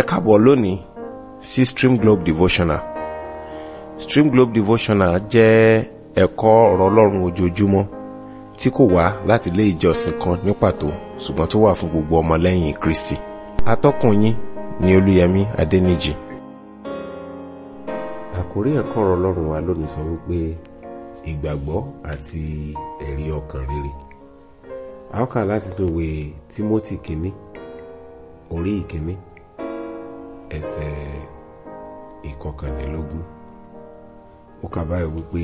ẹ káàbọ̀ lónìí sí Stream Globe Devotional Stream Globe Devotional jẹ́ ẹ̀kọ́ ọ̀rọ̀ ọlọ́run ojoojúmọ́ tí kò wá láti ilé ìjọsìn kan ní pàtó ṣùgbọ́n tó wà fún gbogbo ọmọlẹ́yìn Kristi atọ́kùn yín ni Olúyẹmí Adẹ́nìjì. àkórí ẹ̀kọ́ ọ̀rọ̀ ọlọ́run wa lónìí sọ wípé ìgbàgbọ́ àti ẹ̀rí ọkàn rere a ó kà láti inú ìwé Tímótì kínní orí ìkínní ẹsẹ̀ ìkọkànlélógún ó kà báyìí wípé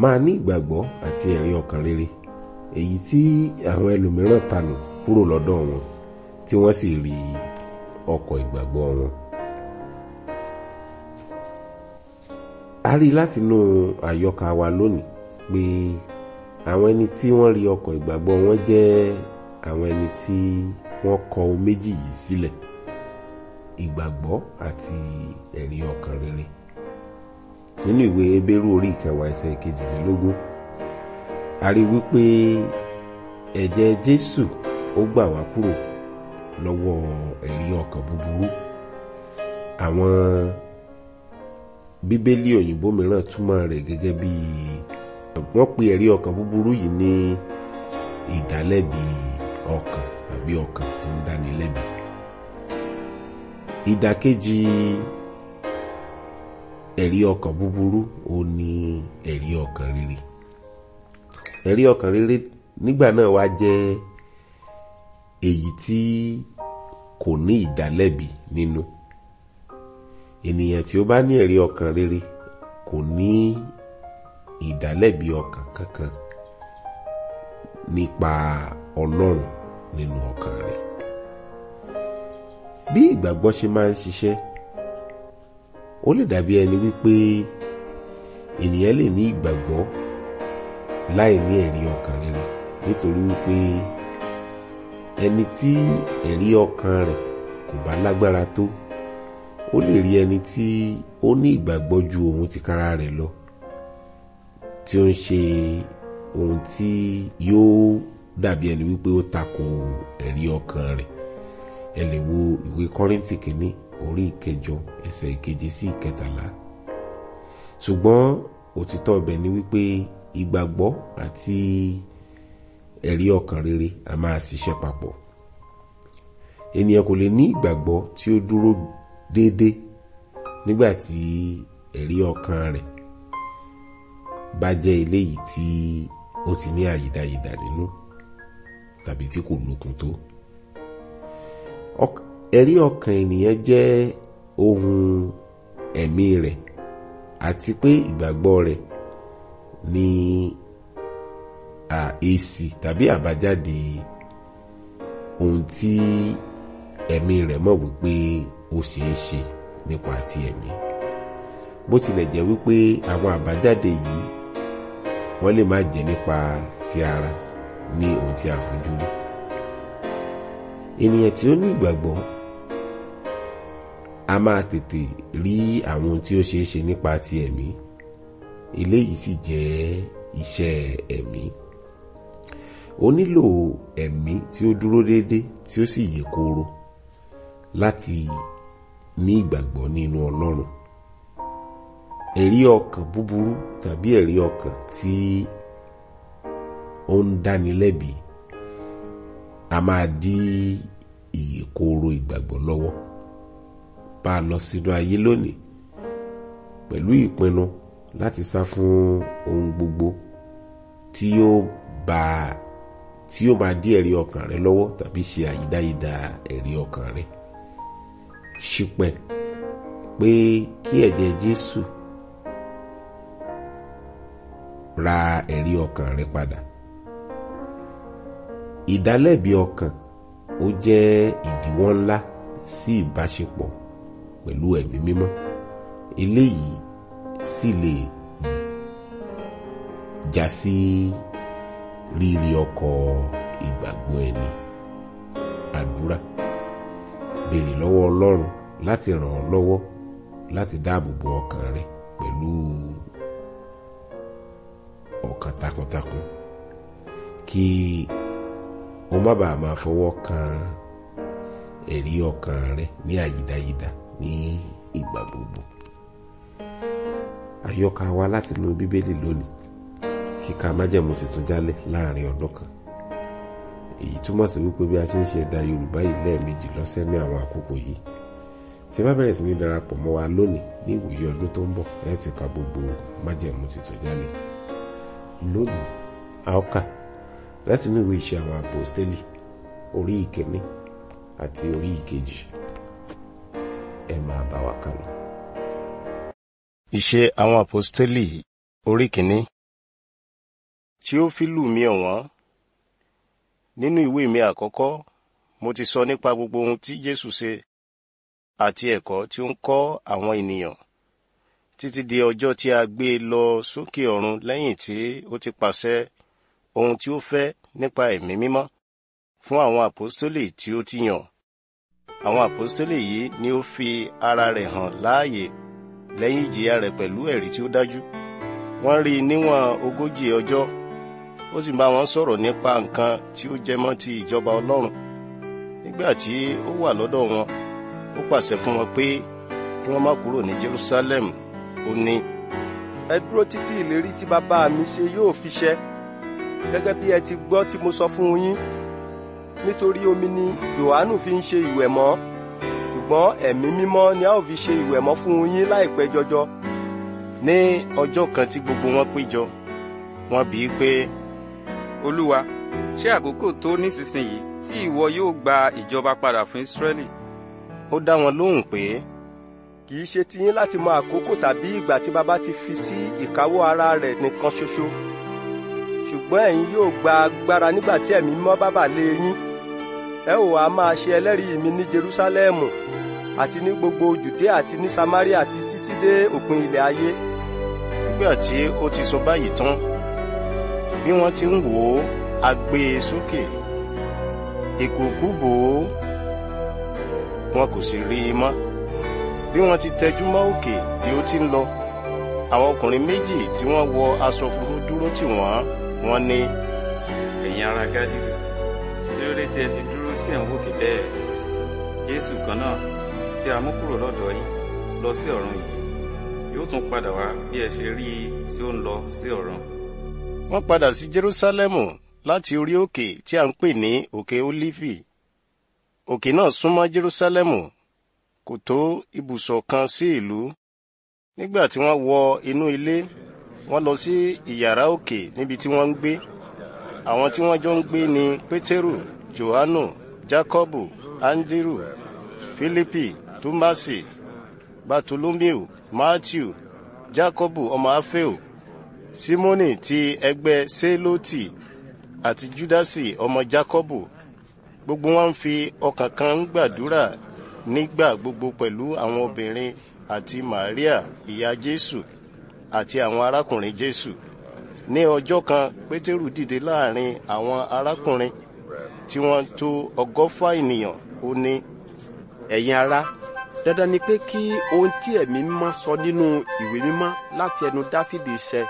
máa ní ìgbàgbọ́ àti ẹ̀rí ọkàn rere èyí tí àwọn ẹlòmíràn tanù kúrò lọ́dọ̀ wọn tí wọ́n sì rí ọkọ̀ ìgbàgbọ́ wọn. a rí látinú àyọkà wa lónìí pé àwọn ẹni tí wọ́n rí ọkọ̀ ìgbàgbọ́ wọn jẹ́ àwọn ẹni tí wọ́n kọ méjì yìí sílẹ̀. Si ìgbàgbọ́ àti ẹ̀rí ọkàn rere nínú ìwé ebérù orí ìkẹwàá ẹsẹ̀ kejìlélógún a rí wípé ẹ̀jẹ̀ jésù ó gbà wá kúrò lọ́wọ́ ẹ̀rí ọkàn búburú àwọn bíbélì òyìnbó mìíràn túmọ̀ rẹ̀ gẹ́gẹ́ bí wọ́n pe ẹ̀rí ọkàn búburú yìí ní ìdálẹ́bi ọkàn tàbí ọkàn tó ń dáni lẹ́bi ìdàkejì ẹ̀rí ọkàn búburú ó ní ẹ̀rí ọkàn rere ẹ̀rí ọkàn rere nígbà náà wá jẹ́ èyí tí kò ní ìdálẹ́bi nínú ènìyàn tí ó bá ní ẹ̀rí ọkàn rere kò ní ìdálẹ́bi ọkàn kankan nípa ọlọ́run nínú ọkàn rẹ̀ bí ìgbàgbọ́ ṣe máa ń ṣiṣẹ́ ó lè dàbí ẹni wípé ènìyàn lè ní ìgbàgbọ́ láì ní ẹ̀rí ọkàn rere nítorí wípé ẹni tí ẹ̀rí ọkàn rẹ̀ kò bá lágbára tó ó lè rí ẹni tí ó ní ìgbàgbọ́ ju òun tìkára rẹ̀ lọ tí ó ń ṣe ohun tí yóò dàbí ẹni wípé ó tako ẹ̀rí ọkàn rẹ̀ ẹ lè wo ìwé kọ́rìntì kìíní orí ìkẹjọ ẹsẹ̀ ìkeje sí ìkẹtàlá ṣùgbọ́n òtítọ́ ibẹ̀ ni wípé ìgbàgbọ́ àti ẹ̀rí ọkàn rere a máa ṣiṣẹ́ papọ̀ ènìyàn kò lè ní ìgbàgbọ́ tí ó dúró déédéé nígbà tí ẹ̀rí ọkàn rẹ̀ bá jẹ́ eléyìí tí ó ti ní àyídáyídá nínú tàbí tí kò lókun tó ẹ̀rí ọkàn ènìyàn jẹ́ ohun ẹ̀mí rẹ̀ àti pé ìgbàgbọ́ rẹ̀ ni èsì tàbí àbájáde ohun tí ẹ̀mí rẹ̀ mọ̀ wípé ó ṣeé ṣe nípa ti ẹ̀mí bó tilẹ̀ jẹ́ wípé àwọn àbájáde yìí wọ́n lè má jẹ́ nípa ti ara ní ohun tí a fojú rí ènìyàn tí ó ní ìgbàgbọ́ a máa tètè rí àwọn ohun tí ó ṣeé ṣe nípa ti ẹ̀mí eléyìí sì jẹ́ iṣẹ́ ẹ̀mí o nílò ẹ̀mí tí ó dúró déédé tí ó sì yè kooro láti ní ìgbàgbọ́ nínú Ọlọ́run ẹ̀rí ọkàn búburú tàbí ẹ̀rí ọkàn tí ó ń dáni a máa dí ìyèkooro ìgbàgbọ́ lọ́wọ́ bá a lọ sínú ayé lónìí pẹ̀lú ìpinnu láti sá fún ohun gbogbo tí yóò bá tí yóò máa dí ẹ̀rí ọkàn rẹ lọ́wọ́ tàbí ṣe àyídáyidá ẹ̀rí ọkàn rẹ ṣípẹ́ pé kí ẹ̀jẹ̀ Jésù ra ẹ̀rí ọkàn rẹ padà ìdálẹ́bi ọkàn ó jẹ́ ìdíwọ́ ńlá sí ìbáṣepọ̀ pẹ̀lú ẹ̀mí mímọ́ eléyìí sì lè já sí rírí ọkọ̀ ìgbàgbọ́ ẹni àdúrà béèrè lọ́wọ́ ọlọ́run láti ràn ọ́ lọ́wọ́ láti dáàbò bo ọkàn rẹ pẹ̀lú ọkàn takuntakun kí o má bàa máa fọwọ́ kan ẹ̀rí ọkàn rẹ ní àyídáyídá ní ìgbà gbogbo àyọkà wa láti inú bíbélì lónìí kíka májẹ̀mú tuntun jálẹ̀ láàrin ọdún kan èyí túmọ̀ sí wípé bí a ṣe ń ṣe ẹ̀dà yorùbá yìí lẹ́ẹ̀mejì lọ́sẹ̀ ní àwọn àkókò yìí tí bá bẹ̀rẹ̀ sí ní darapọ̀ mọ́ wa lónìí ní ìwòye ọdún tó ń bọ̀ ẹ ti ka gbogbo májẹ̀mú tuntun jálẹ̀ lónìí a ó kà láti inú ìwé iṣẹ́ àwọn àpòstélì orí ìkíní àti orí ìkejì ẹ máa bá wa kà lọ. ìṣe àwọn àpòstélì orí kìíní tí ó fi lù mí ọ̀wọ́n nínú ìwé mi àkọ́kọ́ mo ti sọ nípa gbogbo ohun tí jésù ṣe àti ẹ̀kọ́ tí ó ń kọ́ àwọn ènìyàn títí di ọjọ́ tí a gbé e lọ sókè ọ̀run lẹ́yìn tí ó ti pàṣẹ ohun tí ó fẹ́ nípa ẹ̀mí mímọ́ fún àwọn àpọ́stólì tí ó ti yàn. Àwọn àpọ́stólì yìí ni ó fi ara rẹ̀ hàn láàyè lẹ́yìn ìjìyà rẹ̀ pẹ̀lú ẹ̀rí tí ó dájú. Wọ́n rí i níwọ̀n ogójì ọjọ́ ó sì bá wọn sọ̀rọ̀ nípa nǹkan tí ó jẹmọ́ ti ìjọba Ọlọ́run. Nígbà tí ó wà lọ́dọ̀ wọn ó pàṣẹ fún wọn pé kí wọ́n má kúrò ní Jerusalem ó ní. ẹ dúró títí ìlérí tí bàbá mi ṣe yóò fi ṣẹ gẹ́gẹ́ bí ẹ ti gbọ́ tí mo sọ fún yín nítorí omi ni Jòhánù fi ń ṣe ìwẹ̀mọ́ ṣùgbọ́n ẹ̀mí mímọ́ ni a ó fi ṣe ìwẹ̀mọ́ fún yín láìpẹ́ jọjọ. ní ọjọ́ kan tí gbogbo wọn péjọ wọ́n bi í pé. olúwa ṣé àkókò tó nísinsìnyí tí ìwọ yóò gba ìjọba padà fún Ísírẹ́lì. ó dá wọn lóhùn pé kì í ṣe tiyín láti mọ àkókò tàbí ìgbà tí baba ti fi sí ìkáwọ́ ara rẹ̀ nìkan ṣoṣo ṣùgbọ́n ẹ̀yin yóò gba agbára nígbà tí ẹ̀mí mọ́ bá bà lé yín ẹ ò wá máa ṣe ẹlẹ́rìí mi ní Jerúsálẹ́mù àti ní gbogbo Jùdé àti ní Samaria àti títí dé òpin ilẹ̀ ayé. nígbà tí ó ti sọ báyìí tán bí wọ́n ti ń wò ó a gbé e sókè ìkùkù bò ó wọn kò sì rí i mọ́ bí wọ́n ti tẹjú mọ́ òkè bí ó ti ń lọ àwọn ọkùnrin méjì tí wọ́n wọ aṣọ funfun dúró tì wọ́n wọ́n ní ẹ̀yin ará gádìrì lórí tí ẹ fi dúró tí ẹ̀ ń wòkè bẹ́ẹ̀ Jésù kan náà tí a mú kúrò lọ́dọ̀ yín lọ sí ọ̀run yìí yóò tún padà wá bí ẹ ṣe rí i tí ó ń lọ sí ọ̀run. wọ́n padà sí Jerúsálẹ́mù láti orí òkè tí a ń pè ní òkè Ólífì òkè náà súnmọ́ Jerúsálẹ́mù kò tó ibùsọ̀ kan sí ìlú nígbà tí wọ́n wọ inú ilé wọ́n lọ sí ìyàrá òkè níbi tí wọ́n ń gbé àwọn tí wọ́n jọ ń gbé ni pétérù johanu jacobu Andrew, filipi tumasi batolomiu matthew jacobu ọmọ afeo simoni ti ẹgbẹ́ seloti àti judasi ọmọ jacobu gbogbo wọn fi ọkàn kan ń gbàdúrà nígbà gbogbo pẹ̀lú àwọn obìnrin àti maria ìyá jésù àti àwọn arákùnrin Jésù ní ọjọ́ kan Pétérù dìde láàrin àwọn arákùnrin tí wọ́n tó ọgọ́fà ènìyàn ó ní. ẹ̀yin ará dandan ni pé kí ohun tí ẹ̀mí mímọ́ sọ nínú ìwé mímọ́ láti ẹnu Dáfídì ṣẹ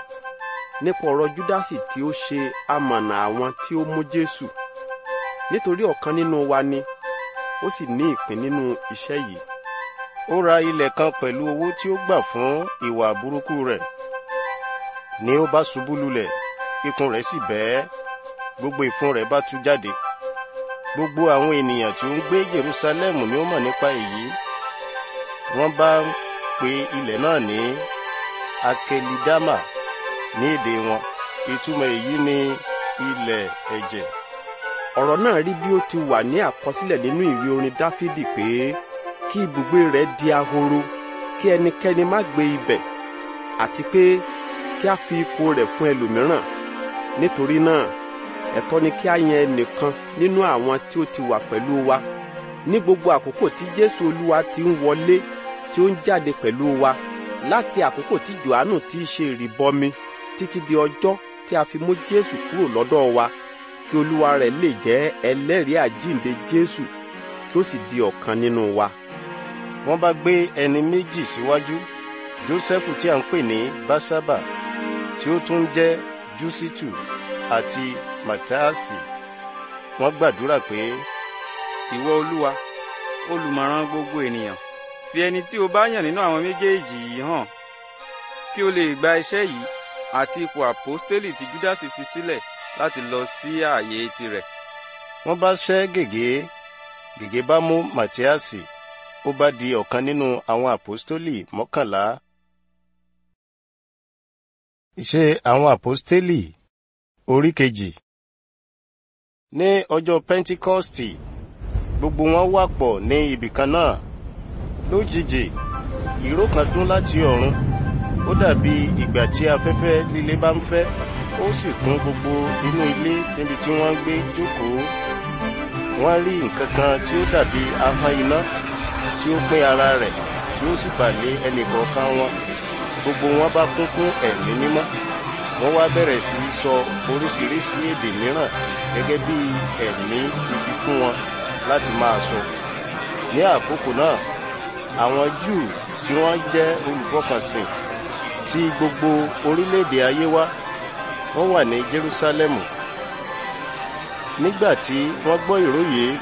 nípa ọ̀rọ̀ Júdásì tí ó ṣe amọ̀nà àwọn tí ó mú Jésù nítorí ọ̀kan nínú wa ni ó sì ní ìpín nínú iṣẹ́ yìí ó ra ilẹ̀ kan pẹ̀lú owó tí ó gbà fún ìwà burúkú rẹ̀ ni ó bá ṣubú lulẹ̀ ikùn rẹ̀ sì bẹ́ẹ́ gbogbo ìfun rẹ̀ bá tú jáde gbogbo àwọn ènìyàn tí ó ń gbé Jerusalem ni ó mọ̀ nípa èyí wọ́n bá ń pe ilẹ̀ náà ní akelidama ní èdè wọn ìtumọ̀ èyí ni ilẹ̀ ẹ̀jẹ̀. ọ̀rọ̀ náà rí bí ó ti wà ní àkọsílẹ̀ nínú ìwé orin Dáfídì pé kí ibùgbé rẹ̀ di ahoro kí ẹnikẹ́ni má gbé ibẹ̀ àti pé kí a fi ipò rẹ̀ fún ẹlòmíràn nítorí náà ẹ̀tọ́ ni kí a yan ẹnìkan nínú àwọn tí ó ti wà pẹ̀lú wa ní gbogbo àkókò tí Jésù Olúwa ti ń wọlé tí ó ń jáde pẹ̀lú wa láti àkókò tí Jòhánù ti ṣe ìrìbọmi títí di ọjọ́ tí a fi mú Jésù kúrò lọ́dọ̀ wa kí Olúwa rẹ̀ lè jẹ́ ẹlẹ́rìí àjíǹde Jésù kí ó sì di ọ̀kan nínú wa wọ́n bá gbé ẹni méjì síwájú jósẹ́fù tí a ń pè ní básábà tí ó tún jẹ́ júsítù àti màtáàsì wọ́n gbàdúrà pé. ìwọ olúwa olùmọ̀ràn gbogbo ènìyàn fi ẹni tí o bá yàn nínú àwọn méjèèjì yìí hàn kí o lè gba iṣẹ́ yìí àti ipò àpọ́stélì tí júdásì fi sílẹ̀ láti lọ sí ààyè tirẹ̀. wọ́n bá ṣẹ́ gègé gègé bá mú màtíásì ó bá di ọ̀kan nínú àwọn àpọ́stólì mọ́kànlá. Ìṣe àwọn àpọ́stélì orí kejì. Ní ọjọ́ Pẹ́ntíkọ́stì, gbogbo wọn wà pọ̀ ní ibì kan náà. Lójijì, ìró kan dún láti ọ̀run. Ó dàbí ìgbà tí afẹ́fẹ́ líle bá ń fẹ́, ó sì kún gbogbo inú ilé níbi tí wọ́n ń gbé jókòó. Wọ́n rí nǹkan kan tí ó dàbí ahọ́n iná tí ó pín ara rẹ̀ tí ó sì pàdé ẹnìkọ̀ọ̀kan wọn gbogbo wọn bá kún fún ẹ̀mí mímọ́ wọ́n wá bẹ̀rẹ̀ sí í sọ oríṣiríṣi èdè mìíràn gẹ́gẹ́ bí ẹ̀mí ti fi fún wọn láti máa sọ ní àkókò náà àwọn júù tí wọ́n jẹ́ olùfọkànsìn tí gbogbo orílẹ̀-èdè ayé wá wọ́n wà ní Jerúsálẹ́mù nígbà tí wọ́n gbọ́ ìròyìn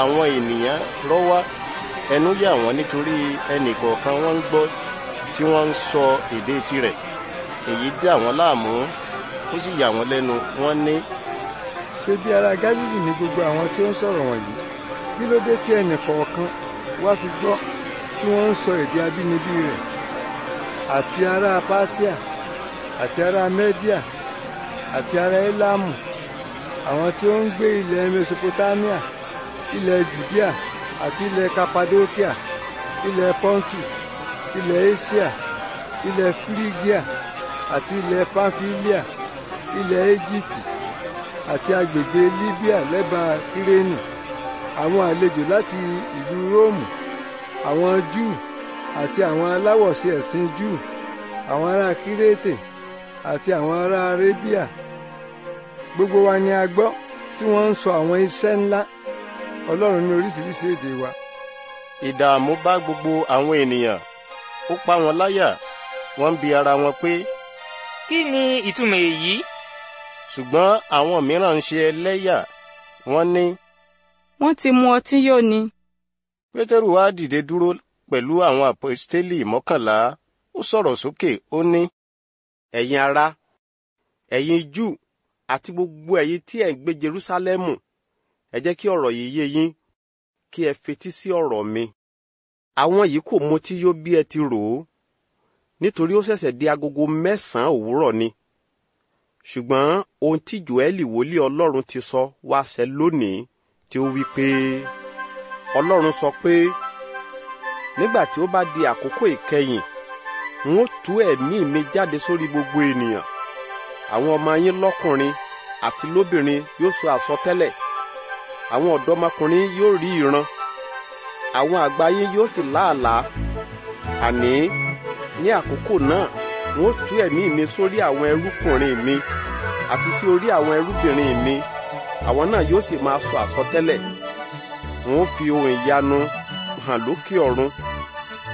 àwọn ènìyàn rọ́wá ẹnu yà wọ́n nítorí ẹnìkọ̀ọ̀kan wọ́n ń gbọ́ tí wọ́n ń sọ èdè tirẹ̀ èyí dá wọn láàmú ó sì yà wọ́n lẹ́nu wọ́n ní. ṣé bí ara Gálílì ni gbogbo àwọn tí ó ń sọ̀rọ̀ wọ̀nyí kí ló dé tí ẹnìkọ̀ọ̀kan wá fi gbọ́ tí wọ́n ń sọ èdè abínibí rẹ̀ àti ará Pátíà àti ará Mẹ́díà àti ará Élámù àwọn tí ó ń gbé ilẹ̀ Mesopotamia ilẹ̀ Jùdíà àti ilẹ̀ Cappadocia ilẹ̀ Pọ́ntù ilẹ̀ Asia ilẹ̀ Frigia àti ilẹ̀ Pamphylia ilẹ̀ Ejipti àti agbègbè Libya lẹ́bàá Kireni àwọn àlejò láti ìlú Róòmù àwọn Júù àti àwọn aláwọ̀sí ẹ̀sìn Júù àwọn ará Kírétè àti àwọn ará Arabia gbogbo wa ni a gbọ́ tí wọ́n ń sọ àwọn iṣẹ́ ńlá Ọlọ́run ní oríṣiríṣi èdè wa. Ìdààmú bá gbogbo àwọn ènìyàn ó pa wọn láyà wọ́n ń bi ara wọn pé. Kí ni ìtumọ̀ èyí? Ṣùgbọ́n àwọn mìíràn ń ṣe ẹlẹ́yà wọ́n ní. Wọ́n ti mu ọtí yó ni. Pétérù wá dìde dúró pẹ̀lú àwọn àpọ́stélì mọ́kànlá ó sọ̀rọ̀ sókè ó ní. Ẹ̀yin ará ẹ̀yin Júù àti gbogbo ẹ̀yin tí ẹ̀ ń gbé Jerúsálẹ́mù ẹ jẹ́ kí ọ̀rọ̀ yìí yé yín kí ẹ fetí sí ọ̀rọ̀ mi àwọn yìí kò mutí yó bí ẹ ti rò ó nítorí ó ṣẹ̀ṣẹ̀ di agogo mẹ́sàn-án òwúrọ̀ ni ṣùgbọ́n ohun tí Jóẹ́lì wòlíì Ọlọ́run ti sọ wá ṣẹ lónìí tí ó wí pé Ọlọ́run sọ pé nígbà tí ó bá di àkókò ìkẹyìn n ó tú ẹ̀mí mi jáde sórí gbogbo ènìyàn àwọn ọmọ yín lọ́kùnrin àti lóbìnrin yóò sọ àsọtẹ́lẹ̀ àwọn ọ̀dọ́mọkùnrin yóò rí ìran àwọn àgbáyé yóò sì láàlàá àní ní àkókò náà wọn ó tú ẹ̀mí mi sórí àwọn ẹrúkùnrin mi àti sí orí àwọn ẹrúbìnrin mi àwọn náà yóò sì máa sọ àsọtẹ́lẹ̀ wọn ó fi ohun ìyanu hàn lókè ọ̀run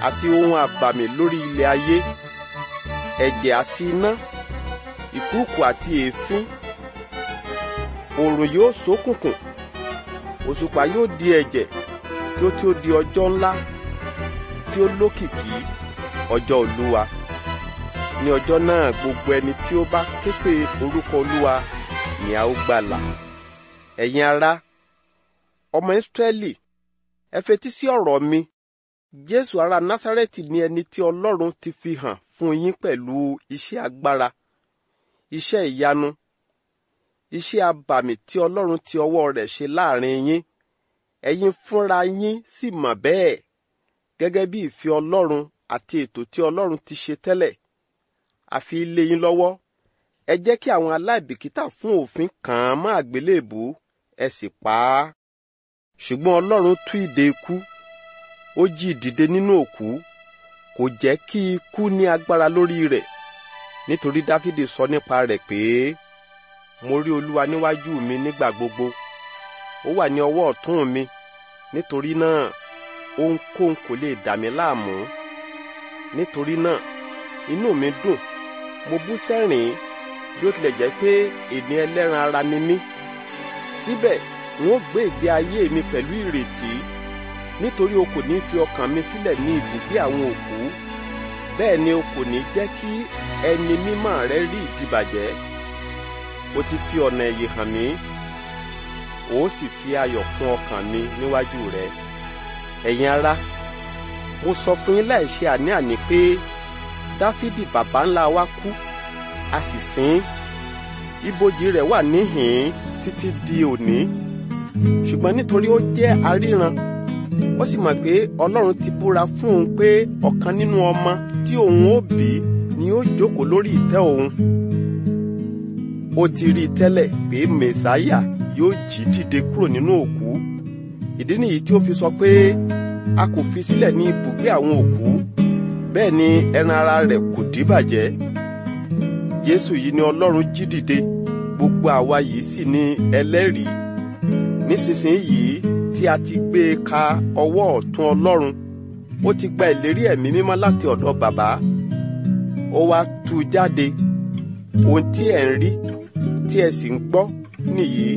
àti ohun àbàmì lórí ilẹ̀ ayé ẹ̀jẹ̀ àti iná ìkúùkù àti èéfín òòrùn yóò ṣókùnkùn òṣùpá yóò di ẹ̀jẹ̀ kí ó tí ó di ọjọ́ ńlá tí ó lókìkí ọjọ́ olúwa ní ọjọ́ náà gbogbo ẹni tí ó bá képe orúkọ olúwa ni a ó gbàlà ẹ̀yin ará ọmọ ìsírẹ́lì ẹ fetí sí ọ̀rọ̀ mi jésù ará násárẹ́tì ni ẹni tí ọlọ́run ti fi hàn fún yín pẹ̀lú iṣẹ́ agbára iṣẹ́ ìyanu iṣẹ́ abàmì tí Ọlọ́run ti ọwọ́ rẹ̀ ṣe láàrin yín ẹ̀yin fúnra yín sì mọ̀ bẹ́ẹ̀ gẹ́gẹ́ bí ìfẹ́ Ọlọ́run àti ètò tí Ọlọ́run ti ṣe tẹ́lẹ̀ àfi lé yín lọ́wọ́ ẹ jẹ́ kí àwọn aláìbìkítà fún òfin kàn án mọ́ àgbélébù ẹ sì pa á ṣùgbọ́n Ọlọ́run tú ìdè ikú ó jí ìdìde nínú òkú kò jẹ́ kí ikú ní agbára lórí rẹ̀ nítorí Dáfídì sọ nípa rẹ̀ pé mo rí olúwa níwájú mi nígbà gbogbo ó wà ní ọwọ́ ọ̀tún mi nítorí náà ohunkóhun kò lè dà mí láàmú nítorí náà inú mi dùn mo bú sẹ́rìn bí ó tilẹ̀ jẹ́ pé ènìyàn ẹlẹ́ran ara ni mí síbẹ̀ n ó gbé ìgbé ayé mi pẹ̀lú ìrètí nítorí o kò ní fi ọkàn mi sílẹ̀ ní ibùgbé àwọn òkú bẹ́ẹ̀ ni o kò ní jẹ́ kí ẹni mímọ́ rẹ rí ìdìbàjẹ́ ó ti fi ọ̀nà ẹ̀yìn hàn mí ó sì fi ayọ̀ kún ọkàn mi níwájú rẹ ẹ̀yin ará mo sọ fún yín láìṣe àní-àní pé dáfídì bàbá ńlá wa kú a sì sìn ibojì rẹ̀ wà níhìn-ín títí di òní ṣùgbọ́n nítorí ó jẹ́ aríran ó sì mọ̀ pé ọlọ́run ti búra fún un pé ọ̀kan nínú ọmọ tí òun ó bí ni ó jókòó lórí ìtẹ́ òun ó ti rí i tẹ́lẹ̀ pé mẹ̀sáyà yóò jí dìde kúrò nínú òkú ìdí nìyí tí ó fi sọ pé a kò fi sílẹ̀ ní ibùgbé àwọn òkú bẹ́ẹ̀ ni ẹran ara rẹ̀ kò díbàjẹ́ Jésù yìí ni Ọlọ́run jí dìde gbogbo àwa yìí sì ni ẹlẹ́rìí nísinsìnyí tí a ti gbé e ka ọwọ́ ọ̀tún Ọlọ́run ó ti gba ìlérí ẹ̀mí mímọ́ láti ọ̀dọ̀ bàbá ó wá tú jáde ohun tí ẹ̀ ń rí tí ẹ sì ń gbọ́ nìyí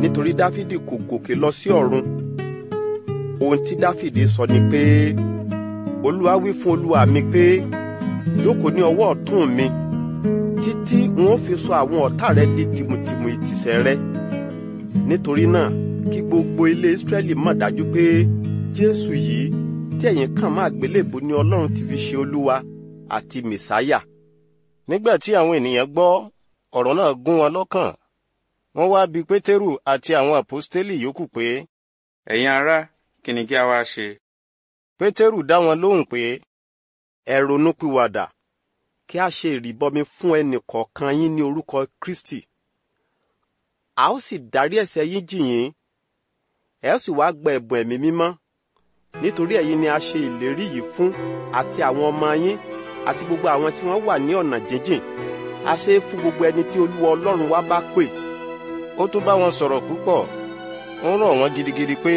nítorí dáfídì kò gòkè lọ sí ọ̀run ohun tí dáfídì sọ ni pé olúwa wí fún olúwa mi pé jókòó ní ọwọ́ ọ̀tún mi títí n ó fi sọ àwọn ọ̀tá rẹ di tìmùtìmù ìtìsẹ̀ rẹ nítorí náà kí gbogbo ilé Ísírẹ́lì mọ̀ dájú pé Jésù yìí tí ẹ̀yin kàn máa gbélébù ni Ọlọ́run ti fi ṣe Olúwa àti Mèsáyà. nígbà tí àwọn ènìyàn gbọ́ ọ̀rọ̀ náà gún wọn lọ́kàn wọ́n wá bi pétérù àti àwọn àpọ́stélì yòókù pé. ẹ̀yin ará kí ni kí a wá ṣe. pétérù dá wọn lóhùn pé ẹ ronúpìwàdà kí a ṣe ìrìbọmi fún ẹnì kọ̀ọ̀kan yín ní orúkọ kristi a ó sì dárí ẹ̀ṣẹ̀ yín jì ẹ sì wá gba ẹ̀bùn ẹ̀mí mímọ́ nítorí ẹ̀yin ni a ṣe ìlérí yìí fún àti àwọn ọmọ yín àti gbogbo àwọn tí wọ́n wà ní ọ̀nà jíjìn a ṣe é fún gbogbo ẹni tí olúwa ọlọ́run wa bá pè ó tún bá wọn sọ̀rọ̀ púpọ̀ ó rọ̀ wọ́n gidigidi pé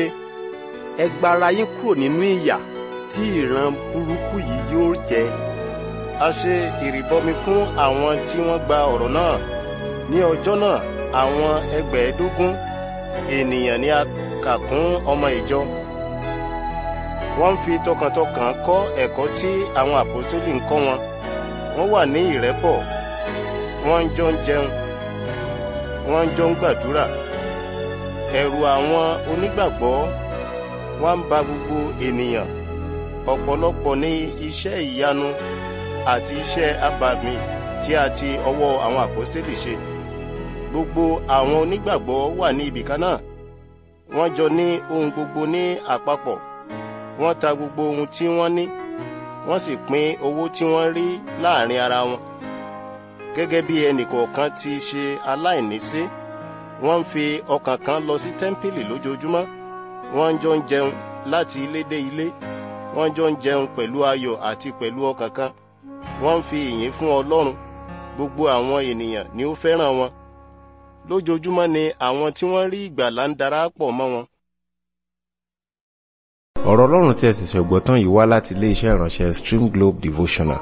ẹ gbara yín kúrò nínú ìyà tí ìran burúkú yìí yóò jẹ a ṣe ìrìbọmi fún àwọn tí wọ́n gba ọ̀rọ̀ náà ní ọjọ́ náà àwọn ẹgbẹ̀ẹ́dógún ènìyàn ni a kà kún ọmọ ìjọ wọ́n ń fi tọkàntọkàn kọ́ ẹ̀kọ́ tí àwọn àpòstólì ń kọ́ wọn wọ́n wà ní ìrẹ́pọ̀ wọ́n ń jọ ń jẹun wọ́n ń jọ ń gbàdúrà ẹ̀rù àwọn onígbàgbọ́ wá ń ba gbogbo ènìyàn ọ̀pọ̀lọpọ̀ ní iṣẹ́ ìyanu àti iṣẹ́ abàmì tí a ti ọwọ́ àwọn àpọ́stélì ṣe gbogbo àwọn onígbàgbọ́ wà ní ibì kan náà wọ́n jọ ní ohun gbogbo ní àpapọ̀ wọ́n ta gbogbo ohun tí wọ́n ní wọ́n sì pín owó tí wọ́n rí láàrin ara wọn gẹ́gẹ́ bí ẹnìkọ̀ọ̀kan ti ṣe aláìníṣe wọ́n ń fi ọkàn kan lọ sí tẹ́ḿpìlì lójoojúmọ́ wọ́n ń jọ ń jẹun láti ilé dé ilé wọ́n jọ ń jẹun pẹ̀lú ayọ̀ àti pẹ̀lú ọkàn kan wọ́n ń fi ìyìn fún Ọlọ́run gbogbo àwọn ènìyàn ni ó fẹ́ràn wọn lójoojúmọ́ ni àwọn tí wọ́n rí ìgbàlà ń darapọ̀ mọ́ wọn. ọ̀rọ̀ Ọlọ́run tí ẹ sì ṣẹ̀gbọ́n tán yìí wá láti ilé iṣẹ́ ìránṣẹ́ Stream Globe Devotional